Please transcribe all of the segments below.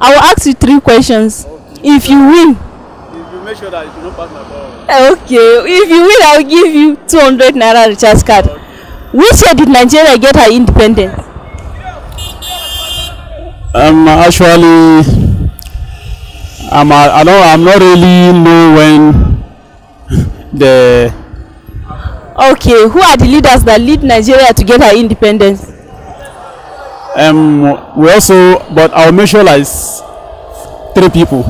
I will ask you three questions. Okay. If you win. If you make sure that you don't pass my ball. Eh, okay. If you win, I will give you 200 naira recharge card. Okay. Which year did Nigeria get her independence? Um, actually, I'm, uh, I don't, I'm not really know when the. Okay, who are the leaders that lead Nigeria to get her independence? Um, we also, but our mission is three people.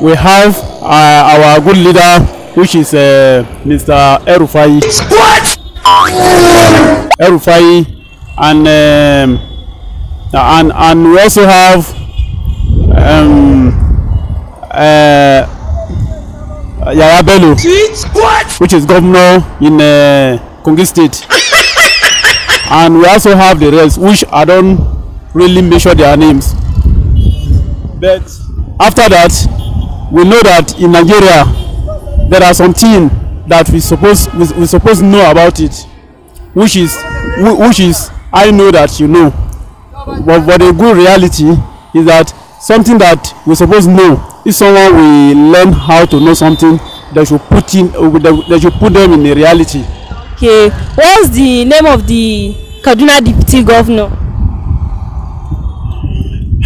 We have uh, our good leader, which is uh, Mr. Erufai. What? Erufai, and um, and and we also have um, uh, Yaya Bello, which is governor in uh, Kogi State. and we also have the rest which I don't really measure their names but after that we know that in Nigeria there are some things that we suppose we, we suppose know about it which is which is I know that you know but but the good reality is that something that we suppose know if someone will learn how to know something they should put in they should put them in a reality okay what's the name of the kaduna deputy governor.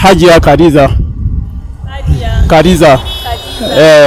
hajiya kadiza. hajiya kadiza. kadiza. Eh,